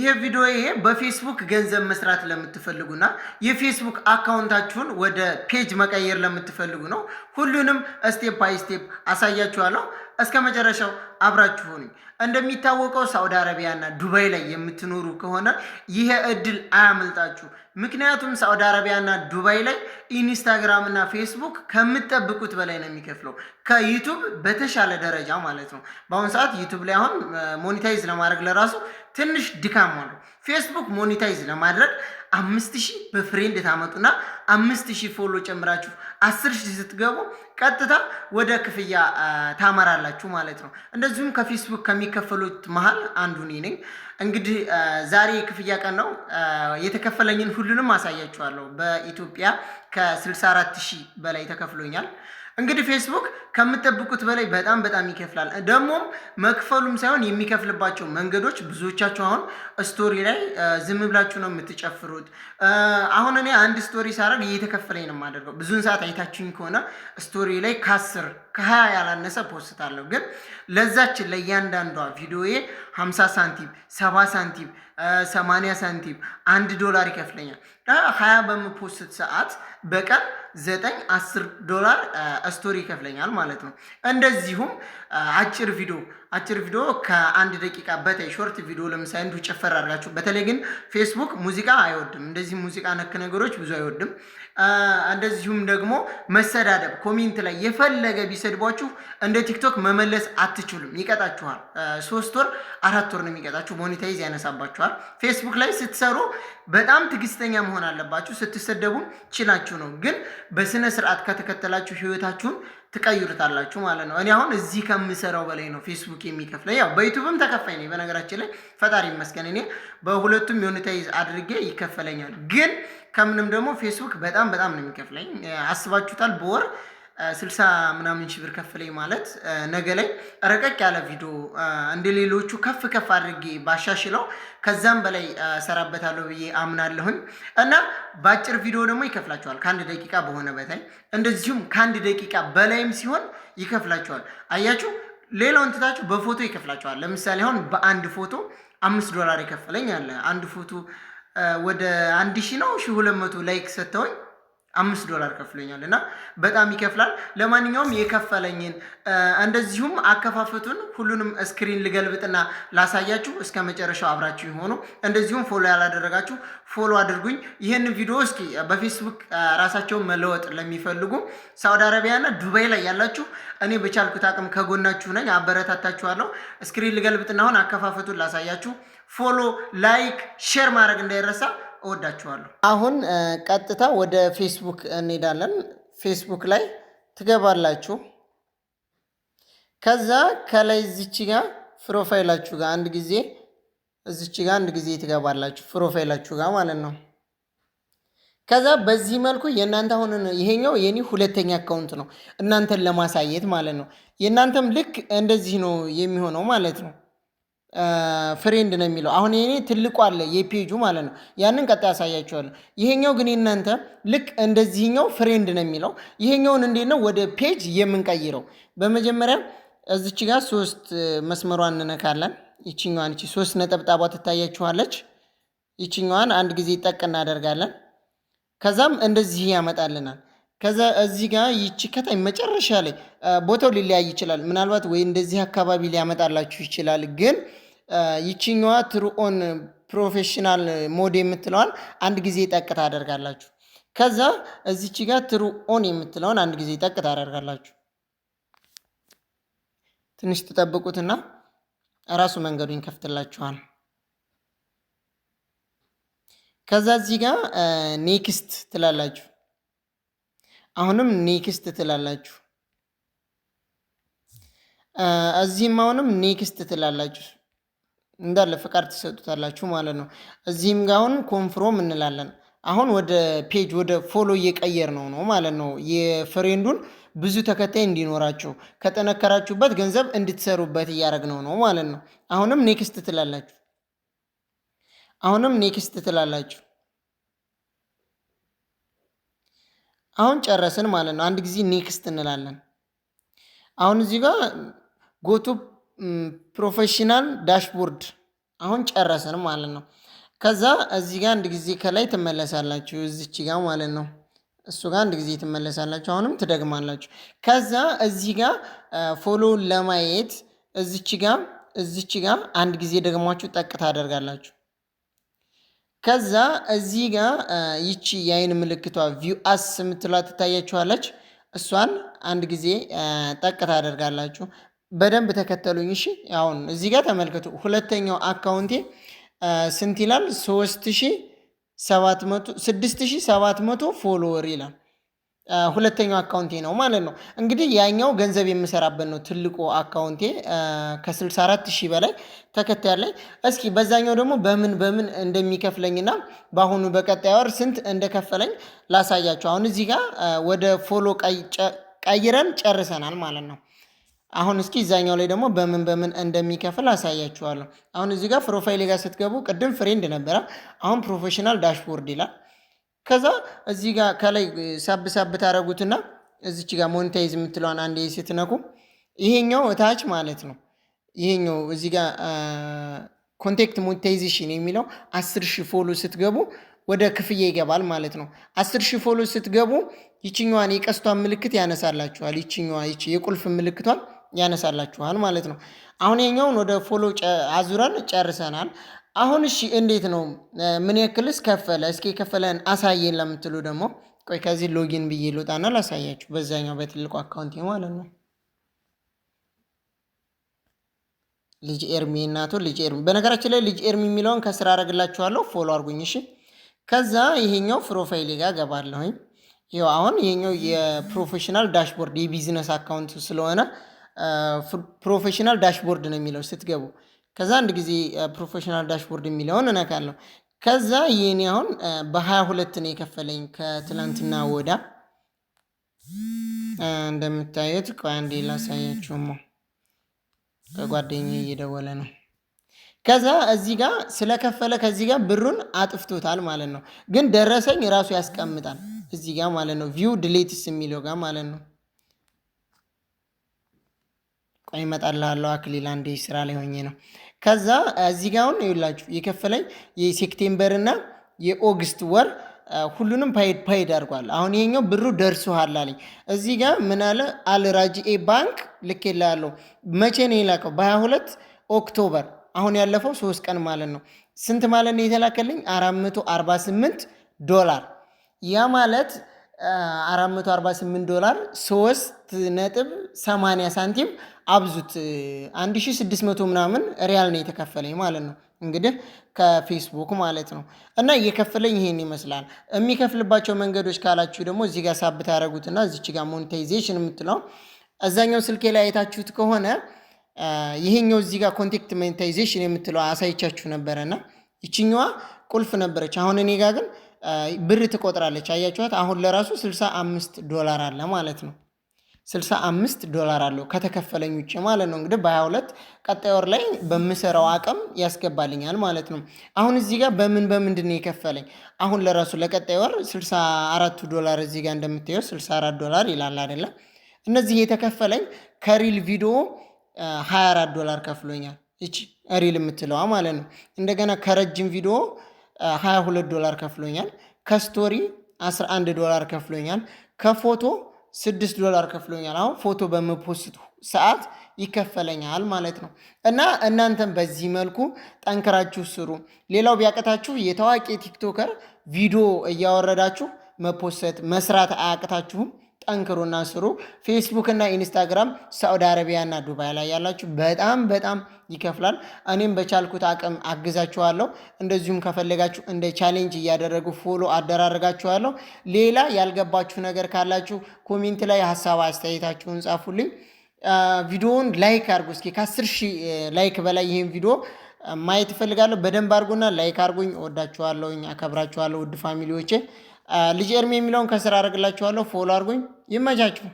ይሄ ቪዲዮ ይሄ በፌስቡክ ገንዘብ መስራት ለምትፈልጉና የፌስቡክ አካውንታችሁን ወደ ፔጅ መቀየር ለምትፈልጉ ነው። ሁሉንም ስቴፕ ባይ ስቴፕ አሳያችኋለሁ። እስከ መጨረሻው አብራችሁ ሆኑኝ። እንደሚታወቀው ሳውዲ አረቢያና ዱባይ ላይ የምትኖሩ ከሆነ ይሄ እድል አያመልጣችሁ። ምክንያቱም ሳውዲ አረቢያና ዱባይ ላይ ኢንስታግራም እና ፌስቡክ ከምትጠብቁት በላይ ነው የሚከፍለው፣ ከዩቱብ በተሻለ ደረጃ ማለት ነው። በአሁኑ ሰዓት ዩቱብ ላይ አሁን ሞኒታይዝ ለማድረግ ለራሱ ትንሽ ድካም አለው። ፌስቡክ ሞኔታይዝ ለማድረግ አምስት ሺህ በፍሬንድ ታመጡና አምስት ሺህ ፎሎ ጨምራችሁ አስር ሺህ ስትገቡ ቀጥታ ወደ ክፍያ ታመራላችሁ ማለት ነው። እንደዚሁም ከፌስቡክ ከሚከፈሉት መሀል አንዱ እኔ ነኝ። እንግዲህ ዛሬ የክፍያ ቀን ነው። የተከፈለኝን ሁሉንም አሳያችኋለሁ። በኢትዮጵያ ከ64 ሺህ በላይ ተከፍሎኛል። እንግዲህ ፌስቡክ ከምጠብቁት በላይ በጣም በጣም ይከፍላል። ደግሞም መክፈሉም ሳይሆን የሚከፍልባቸው መንገዶች ብዙዎቻቸው አሁን ስቶሪ ላይ ዝም ብላችሁ ነው የምትጨፍሩት። አሁን እኔ አንድ ስቶሪ ሳረግ እየተከፈለኝ ነው የማደርገው። ብዙን ሰዓት አይታችሁኝ ከሆነ ስቶሪ ላይ ከአስር ከሀያ ያላነሰ ፖስት አለው ግን ለዛችን ለእያንዳንዷ ቪዲዮዬ 50 ሳንቲም፣ ሰ7 ሳንቲም፣ 80 ሳንቲም አንድ ዶላር ይከፍለኛል። ሀያ በምፖስት ሰዓት በቀን ዘጠኝ አስር ዶላር ስቶሪ ይከፍለኛል ማለት ነው። እንደዚሁም አጭር ቪዲዮ አጭር ቪዲዮ ከአንድ ደቂቃ በታይ ሾርት ቪዲዮ ለምሳሌ እንዲሁ ጨፈር አድርጋችሁ። በተለይ ግን ፌስቡክ ሙዚቃ አይወድም፣ እንደዚህ ሙዚቃ ነክ ነገሮች ብዙ አይወድም። እንደዚሁም ደግሞ መሰዳደብ፣ ኮሜንት ላይ የፈለገ ቢሰድቧችሁ እንደ ቲክቶክ መመለስ አትችሉም፣ ይቀጣችኋል። ሶስት ወር አራት ወር ነው የሚቀጣችሁ፣ ሞኔታይዝ ያነሳባችኋል። ፌስቡክ ላይ ስትሰሩ በጣም ትግስተኛ መሆን አለባችሁ። ስትሰደቡም ችላችሁ ነው፣ ግን በስነ ስርዓት ከተከተላችሁ ህይወታችሁን ትቀይሩታላችሁ ማለት ነው። እኔ አሁን እዚህ ከምሰራው በላይ ነው ፌስቡክ የሚከፍለኝ። ያው በዩቱብም ተከፋይ ነኝ በነገራችን ላይ ፈጣሪ ይመስገን። እኔ በሁለቱም ሞኔታይዝ አድርጌ ይከፈለኛል፣ ግን ከምንም ደግሞ ፌስቡክ በጣም በጣም ነው የሚከፍለኝ። አስባችሁታል በወር ስልሳ ምናምን ሺህ ብር ከፍለኝ ማለት ነገ ላይ ረቀቅ ያለ ቪዲዮ እንደ ሌሎቹ ከፍ ከፍ አድርጌ ባሻሽለው ከዛም በላይ ሰራበታለሁ ብዬ አምናለሁኝ እና በአጭር ቪዲዮ ደግሞ ይከፍላቸዋል። ከአንድ ደቂቃ በሆነ በታይ እንደዚሁም ከአንድ ደቂቃ በላይም ሲሆን ይከፍላቸዋል። አያችሁ፣ ሌላውን ትታችሁ በፎቶ ይከፍላቸዋል። ለምሳሌ አሁን በአንድ ፎቶ አምስት ዶላር ይከፍለኝ አለ። አንድ ፎቶ ወደ አንድ ሺህ ነው ሺህ ሁለት መቶ ላይክ ሰጥተውኝ አምስት ዶላር ከፍሎኛል እና በጣም ይከፍላል። ለማንኛውም የከፈለኝን እንደዚሁም አከፋፈቱን ሁሉንም ስክሪን ልገልብጥና ላሳያችሁ። እስከ መጨረሻው አብራችሁ የሆኑ እንደዚሁም ፎሎ ያላደረጋችሁ ፎሎ አድርጉኝ። ይህን ቪዲዮ እስኪ በፌስቡክ ራሳቸውን መለወጥ ለሚፈልጉ ሳውዲ አረቢያና ዱባይ ላይ ያላችሁ እኔ በቻልኩት አቅም ከጎናችሁ ነኝ፣ አበረታታችኋለሁ። ስክሪን ልገልብጥና አሁን አከፋፈቱን ላሳያችሁ። ፎሎ ላይክ፣ ሼር ማድረግ እንዳይረሳ። እወዳችኋለሁ። አሁን ቀጥታ ወደ ፌስቡክ እንሄዳለን። ፌስቡክ ላይ ትገባላችሁ። ከዛ ከላይ እዚች ጋር ፕሮፋይላችሁ ጋር አንድ ጊዜ እዚች ጋር አንድ ጊዜ ትገባላችሁ፣ ፕሮፋይላችሁ ጋር ማለት ነው። ከዛ በዚህ መልኩ የእናንተ አሁን ይሄኛው የኔ ሁለተኛ አካውንት ነው፣ እናንተን ለማሳየት ማለት ነው። የእናንተም ልክ እንደዚህ ነው የሚሆነው ማለት ነው። ፍሬንድ ነው የሚለው አሁን የኔ ትልቁ አለ የፔጁ ማለት ነው። ያንን ቀጣ ያሳያቸዋል። ይሄኛው ግን እናንተ ልክ እንደዚህኛው ፍሬንድ ነው የሚለው ይሄኛውን እንዴት ነው ወደ ፔጅ የምንቀይረው? በመጀመሪያ እዚች ጋር ሶስት መስመሯን እንነካለን። ይችኛዋን እቺ ሶስት ነጠብጣቧ ትታያችኋለች። ይችኛዋን አንድ ጊዜ ጠቅ እናደርጋለን። ከዛም እንደዚህ ያመጣልናል። ከዛ እዚህ ጋር ይቺ ከታይ መጨረሻ ላይ ቦታው ሊለያይ ይችላል። ምናልባት ወይ እንደዚህ አካባቢ ሊያመጣላችሁ ይችላል ግን ይችኛዋ ትሩኦን ፕሮፌሽናል ሞድ የምትለዋን አንድ ጊዜ ጠቅ ታደርጋላችሁ። ከዛ እዚች ጋር ትሩኦን የምትለውን አንድ ጊዜ ጠቅ ታደርጋላችሁ። ትንሽ ትጠብቁትና ራሱ መንገዱን ይከፍትላችኋል። ከዛ እዚህ ጋር ኔክስት ትላላችሁ። አሁንም ኔክስት ትላላችሁ። እዚህም አሁንም ኔክስት ትላላችሁ። እንዳለ ፍቃድ ትሰጡታላችሁ ማለት ነው። እዚህም ጋ አሁን ኮንፍሮም እንላለን። አሁን ወደ ፔጅ ወደ ፎሎ እየቀየር ነው ነው ማለት ነው። የፍሬንዱን ብዙ ተከታይ እንዲኖራችሁ ከጠነከራችሁበት ገንዘብ እንድትሰሩበት ነው ነው ማለት ነው። አሁንም ኔክስት ትላላችሁ። አሁንም ኔክስት ትላላችሁ። አሁን ጨረስን ማለት ነው። አንድ ጊዜ ኔክስት እንላለን። አሁን እዚህ ጋር ጎቱ ፕሮፌሽናል ዳሽቦርድ አሁን ጨረስን ማለት ነው። ከዛ እዚህ ጋር አንድ ጊዜ ከላይ ትመለሳላችሁ፣ እዚች ጋር ማለት ነው። እሱ ጋር አንድ ጊዜ ትመለሳላችሁ፣ አሁንም ትደግማላችሁ። ከዛ እዚህ ጋር ፎሎውን ለማየት እዚች ጋ እዚች ጋ አንድ ጊዜ ደግማችሁ ጠቅ ታደርጋላችሁ። ከዛ እዚህ ጋ ይቺ የአይን ምልክቷ ቪው አስ የምትሏ ትታያችኋለች። እሷን አንድ ጊዜ ጠቅ ታደርጋላችሁ። በደንብ ተከተሉኝ። እሺ አሁን እዚህ ጋር ተመልከቱ። ሁለተኛው አካውንቴ ስንት ይላል? ስድስት ሰባት መቶ ፎሎወር ይላል። ሁለተኛው አካውንቴ ነው ማለት ነው። እንግዲህ ያኛው ገንዘብ የምሰራበት ነው ትልቁ አካውንቴ ከ64 ሺህ በላይ ተከታይ አለኝ። እስኪ በዛኛው ደግሞ በምን በምን እንደሚከፍለኝና በአሁኑ በቀጣይ ወር ስንት እንደከፈለኝ ላሳያችሁ። አሁን እዚህ ጋር ወደ ፎሎ ቀይረን ጨርሰናል ማለት ነው። አሁን እስኪ እዛኛው ላይ ደግሞ በምን በምን እንደሚከፍል አሳያችኋለሁ። አሁን እዚህ ጋር ፕሮፋይል ጋር ስትገቡ ቅድም ፍሬንድ ነበረ፣ አሁን ፕሮፌሽናል ዳሽቦርድ ይላል። ከዛ እዚህ ጋር ከላይ ሳብ ሳብ ታደረጉትና እዚች ጋር ሞኒታይዝ የምትለዋን አንድ ስትነኩ ይሄኛው እታች ማለት ነው። ይሄኛው እዚህ ጋር ኮንቴክት ሞኒታይዜሽን የሚለው አስር ሺ ፎሎ ስትገቡ ወደ ክፍያ ይገባል ማለት ነው። አስር ሺ ፎሎ ስትገቡ ይችኛዋን የቀስቷን ምልክት ያነሳላችኋል። ይችኛዋ የቁልፍ ምልክቷን ያነሳላችኋል ማለት ነው። አሁን የኛውን ወደ ፎሎ አዙረን ጨርሰናል። አሁን እሺ እንዴት ነው? ምን ያክልስ ከፈለ? እስኪ የከፈለን አሳየን ለምትሉ ደግሞ ቆይ ከዚህ ሎጊን ብዬ ልውጣና ላሳያችሁ። በዛኛው በትልቁ አካውንት ማለት ነው። ልጅ ኤርሚ እናቱ ልጅ ኤርሚ። በነገራችን ላይ ልጅ ኤርሚ የሚለውን ከስራ አረግላችኋለሁ። ፎሎ አርጉኝ እሺ። ከዛ ይሄኛው ፕሮፋይል ጋር ገባለሁኝ። ይኸው አሁን ይሄኛው የፕሮፌሽናል ዳሽቦርድ የቢዝነስ አካውንት ስለሆነ ፕሮፌሽናል ዳሽቦርድ ነው የሚለው ስትገቡ። ከዛ አንድ ጊዜ ፕሮፌሽናል ዳሽቦርድ የሚለውን እነካለሁ። ከዛ ይህኔ አሁን በሀያ ሁለት ነው የከፈለኝ ከትላንትና ወዳ እንደምታዩት። ቆይ አንዴ ከጓደኛ እየደወለ ነው። ከዛ እዚህ ጋር ስለከፈለ ከዚህ ጋር ብሩን አጥፍቶታል ማለት ነው። ግን ደረሰኝ ራሱ ያስቀምጣል እዚህ ጋር ማለት ነው። ቪው ድሌትስ የሚለው ጋር ማለት ነው። ቆይ እመጣልሃለሁ አክሊል፣ አንዴ ስራ ላይ ሆኜ ነው። ከዛ እዚህ ጋ አሁን ይኸውላችሁ የከፈለኝ የሴፕቴምበር እና የኦግስት ወር ሁሉንም ፓይድ ፓይድ አድርጓል። አሁን ይሄኛው ብሩ ደርሶሃል አለኝ። እዚህ ጋ ምን አለ አልራጂኤ ባንክ ልኬልሃለሁ። መቼ ነው የላከው? በሀያ ሁለት ኦክቶበር፣ አሁን ያለፈው ሶስት ቀን ማለት ነው። ስንት ማለት ነው የተላከልኝ? አራት መቶ አርባ ስምንት ዶላር ያ ማለት 448 ዶላር 3 ነጥብ 80 ሳንቲም አብዙት 1600 ምናምን ሪያል ነው የተከፈለኝ ማለት ነው። እንግዲህ ከፌስቡክ ማለት ነው እና እየከፈለኝ ይሄን ይመስላል። የሚከፍልባቸው መንገዶች ካላችሁ ደግሞ እዚህ ጋር ሳብት ያደረጉትና እዚች ጋር ሞኔታይዜሽን የምትለው እዛኛው ስልኬ ላይ አይታችሁት ከሆነ ይሄኛው እዚህ ጋር ኮንቴክት ሞኔታይዜሽን የምትለው አሳይቻችሁ ነበረና ይችኛዋ ቁልፍ ነበረች። አሁን እኔ ጋር ግን ብር ትቆጥራለች። አያችኋት? አሁን ለራሱ 65 ዶላር አለ ማለት ነው። 65 ዶላር አለው ከተከፈለኝ ውጭ ማለት ነው። እንግዲህ በ22 ቀጣይ ወር ላይ በምሰራው አቅም ያስገባልኛል ማለት ነው። አሁን እዚህ ጋር በምን በምንድን ነው የከፈለኝ? አሁን ለራሱ ለቀጣይ ወር 64 ዶላር እዚህ ጋር እንደምታየው 64 ዶላር ይላል አይደለም? እነዚህ የተከፈለኝ ከሪል ቪዲዮ 24 ዶላር ከፍሎኛል። ይቺ ሪል የምትለዋ ማለት ነው። እንደገና ከረጅም ቪዲዮ 22 ዶላር ከፍሎኛል። ከስቶሪ 11 ዶላር ከፍሎኛል። ከፎቶ 6 ዶላር ከፍሎኛል። አሁን ፎቶ በምፖስት ሰዓት ይከፈለኛል ማለት ነው። እና እናንተም በዚህ መልኩ ጠንክራችሁ ስሩ። ሌላው ቢያቅታችሁ የታዋቂ ቲክቶከር ቪዲዮ እያወረዳችሁ መፖሰት መስራት አያቅታችሁም። ጠንክሩና ስሩ። ፌስቡክ እና ኢንስታግራም ሳዑዲ አረቢያ እና ዱባይ ላይ ያላችሁ በጣም በጣም ይከፍላል። እኔም በቻልኩት አቅም አግዛችኋለሁ። እንደዚሁም ከፈለጋችሁ እንደ ቻሌንጅ እያደረጉ ፎሎ አደራረጋችኋለሁ። ሌላ ያልገባችሁ ነገር ካላችሁ ኮሜንት ላይ ሀሳብ አስተያየታችሁን ጻፉልኝ። ቪዲዮውን ላይክ አድርጉ። እስኪ ከአስር ሺህ ላይክ በላይ ይህን ቪዲዮ ማየት እፈልጋለሁ። በደንብ አድርጉና ላይክ አድርጉኝ። እወዳችኋለሁኝ፣ አከብራችኋለሁ ውድ ፋሚሊዎቼ ልጅ ኤርሚ የሚለውን ከስራ አደርግላችኋለሁ። ፎሎ አድርጉኝ። ይመቻችሁ።